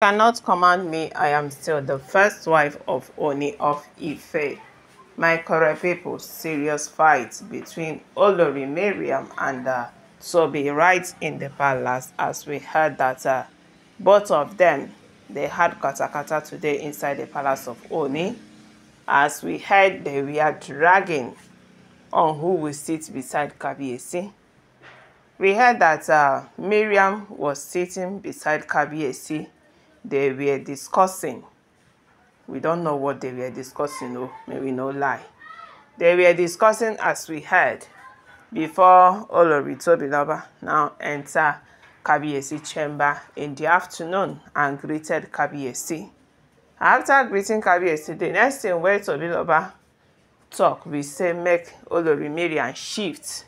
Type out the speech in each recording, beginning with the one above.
cannot command me, I am still the first wife of Oni of Ife. My correct people, serious fight between Olori Miriam and uh, Sobi right in the palace as we heard that uh, both of them, they had katakata today inside the palace of Oni. As we heard, they were dragging on who will sit beside Kabiesi. We heard that uh, Miriam was sitting beside Kabiesi they were discussing we don't know what they were discussing oh maybe no lie they were discussing as we heard before Olorito Biloba now enter Kabiyesi chamber in the afternoon and greeted Kabiyesi. After greeting Kabiyesi, the next thing wey Tobiloba talk We say make Olori Mariam shift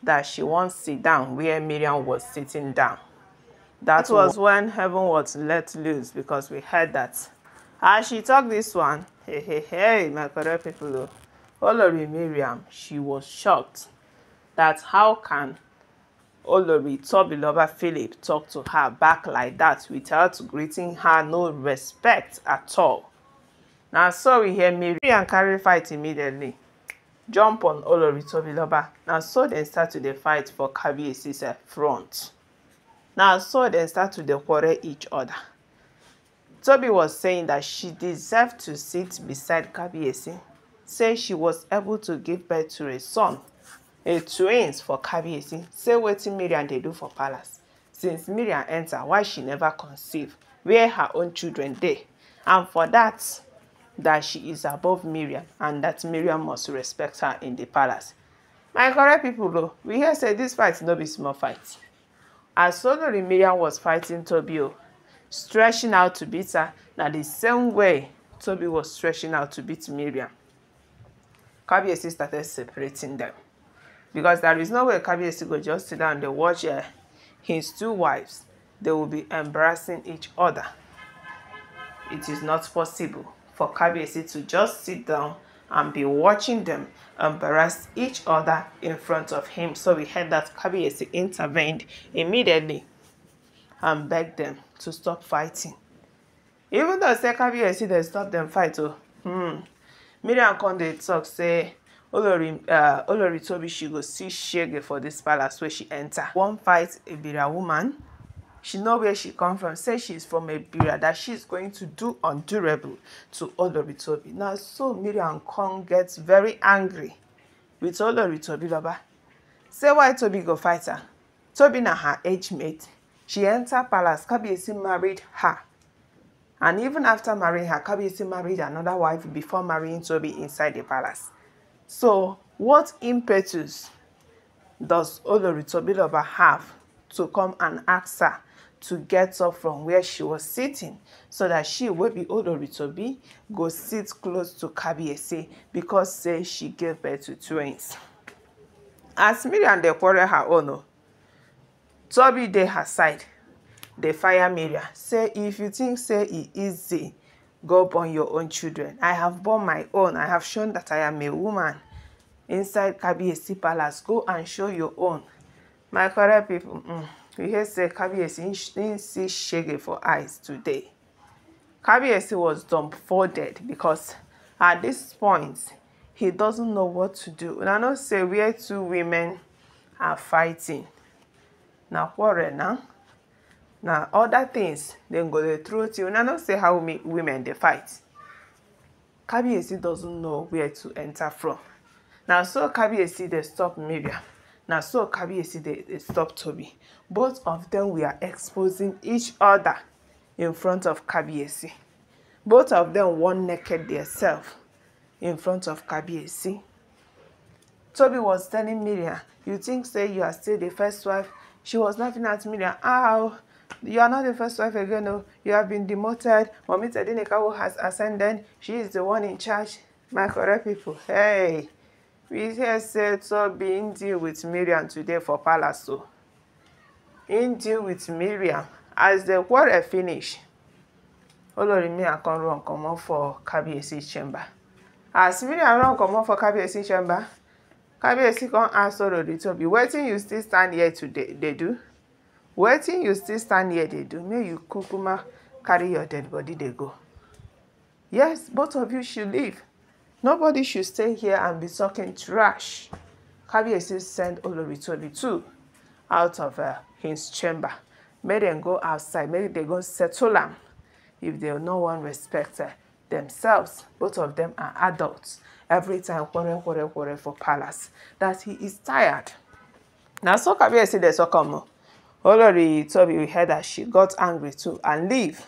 that she won't sit down where Miriam was sitting down. That was when heaven was let loose because we heard that. As she talked this one, hey, hey, hey, my correct people, Olori Miriam, she was shocked that how can Olori Tobiloba Philip talk to her back like that without greeting her no respect at all. Now so we hear Mariam carry fight immediately. Jump on Olori Tobiloba. Now so they start to the fight for Kabiyesi's eh, front. Now, so they start to dey quarrel each other. Toby was saying that she deserved to sit beside Kabiesi, say she was able to give birth to a son, a twins for Kabiesi, say wetin Miriam? They do for palace. Since Miriam enter, why she never conceive, where her own children They, and for that, that she is above Miriam and that Miriam must respect her in the palace. My correct people, oh, we hear say this fight no be small fight. As Sonori Mariam was fighting Tobio, stretching out to beat her, na the same way Toby was stretching out to beat Mariam. Kabiyesi started separating them because there is no way Kabiyesi go just sit down and watch uh, his two wives. They will be embarrassing each other. It is not possible for Kabiyesi to just sit down and be watching them embarrass each other in front of him. So we heard that Kabiyesi intervened immediately and begged them to stop fighting. Even though say Kabiyesi they stopped them fight Oh, hmm, Miriam come talk say Olori uh, Olori Tobi she go see shege for this palace where she enter. One fight a Ebira woman She know where she come from. Say is from Ebira, that she is going to do undurable to Oloritobi. Now, so Miriam Kong gets very angry with Oloritobi Baba. Say why Tobi go fight her. Tobi na her age mate. She enter palace. Kabiyesi married her. And even after marrying her, Kabiyesi married another wife before marrying Tobi inside the palace. So, what impetus does Olori Tobiloba have to come and ask her to get up from where she was sitting so that she wey be Oloritobi go sit close to Kabiyesi because say she gave birth to twins. As Mariam dey quarrel her own o, oh, Tobi dey her side dey fire Mariam say if you think say e easy go born your own children. I have born my own. I have shown that I am a woman. Inside Kabiyesi palace, go and show your own. My correct people. Mm. You hear say Kabiyesi didn't see shege for eyes today. Kabiyesi was dumbfounded because at this point, he doesn't know what to do. And I know say where two women are fighting. Now quarrel now. Now other things dem go the throw And I know say how women they fight. Kabiyesi doesn't know where to enter from. Now so Kabiyesi dey stop media na so kabiyesi dey dey stop tobi both of dem were exposing each other in front of kabiyesi both of dem wan naked theirself in front of kabiyesi tobi was telling miriam you think say you are still the first wife she was laughing at miriam ah you are not the first wife again oh! you have been demoted mami tedinekawo has ascended she is the one in charge my correct people hey we hear say Toh bin deal with Miriam today for palace In deal with Miriam as the quarrel finish Olorimi Akan run comot for Kabiyesi chamber as Miriam run comot for Kabiyesi chamber Kabiyesi come ask Oloritobi wetin you still stand here today dey do wetin you still stand here dey do May you kukuma carry your dead body dey go yes both of you should leave Nobody should stay here and be talking trash. Kabiyesi sent Olori too out of uh, his chamber. Make dem go outside, Maybe they go settle am if they no one respect uh, themselves. Both of them are adults. Every time quarrel, quarrel, quarrel for palace. That he is tired. Now, so Kabiyesi said, "So come, o. Olori Tobi heard that she got angry too and leave.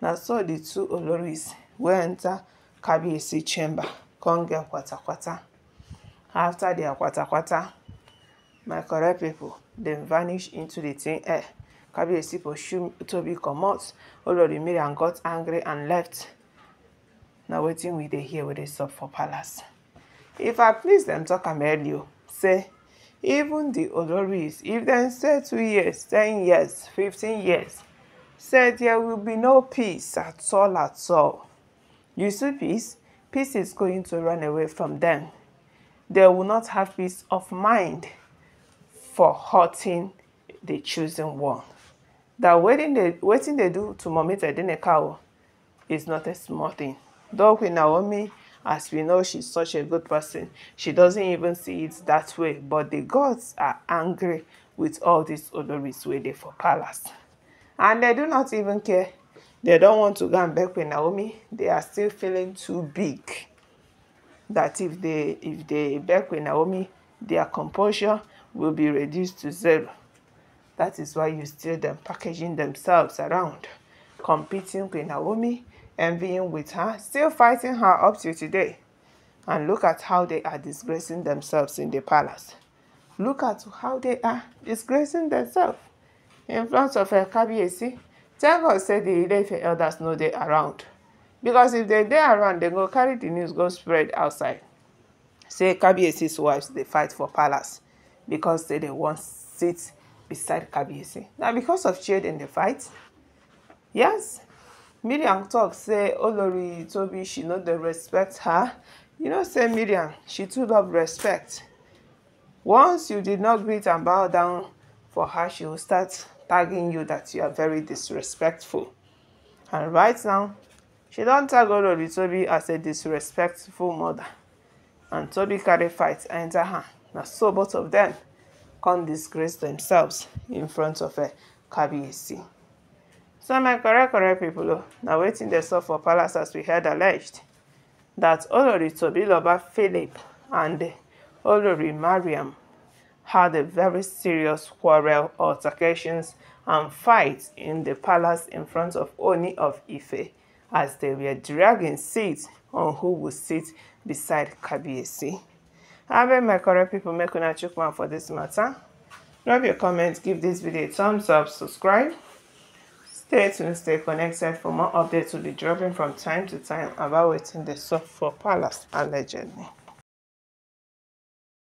Now, so the two Oloris went." enter uh, Kabiyesi chamber, come get kwata-kwata. After their kwata-kwata, my correct people, then vanish into the thin air. Kabiyesi pursue Tobi comot. Olori Mariam got angry and left. Na wetin we dey hear we dey sup for palace. If I please dem talk am early o, say even the Oloris, if dem say two years, ten years, fifteen years, say there will be no peace at all at all. You see peace? Peace is going to run away from them. They will not have peace of mind for hurting the chosen one. That waiting they, waiting they do to Momita Adenekao is not a small thing. Though with Naomi, as we know, she's such a good person. She doesn't even see it that way. But the gods are angry with all these odorous waiting for palace. And they do not even care They don't want to go and back with Naomi. They are still feeling too big. That if they if they back with Naomi, their composure will be reduced to zero. That is why you see them packaging themselves around, competing with Naomi, envying with her, still fighting her up to today. And look at how they are disgracing themselves in the palace. Look at how they are disgracing themselves in front of Kabiesi thank god say di ileife elders no dey around because if they dey around they go carry the news go spread outside say kabiyesi's wives they fight for palace because they they want sit beside kabiyesi Now because of chair dem dey fight yes miriam tok say olori Toby she no dey respect her you know say miriam she too love respect once you did not greet and bow down for her she will start tagging you that you are very disrespectful. And right now, she don't tag oloritobi as a disrespectful mother and Toby carry fight enter her Now so both of them come disgrace themselves in front of a eh, KBC. so my correct correct people, oh, now waiting the dey for palace as we heard alleged that olori tobiloba philip and olori mariam had a very serious quarrel, altercations, and fights in the palace in front of Oni of Ife as they were dragging seats on who would sit beside Kabiesi. I beg my correct people make una check mouth for this matter. Drop your comments, give this video a thumbs up, subscribe. Stay tuned, stay connected for more updates will be dropping from time to time about waiting the soft for palace allegedly.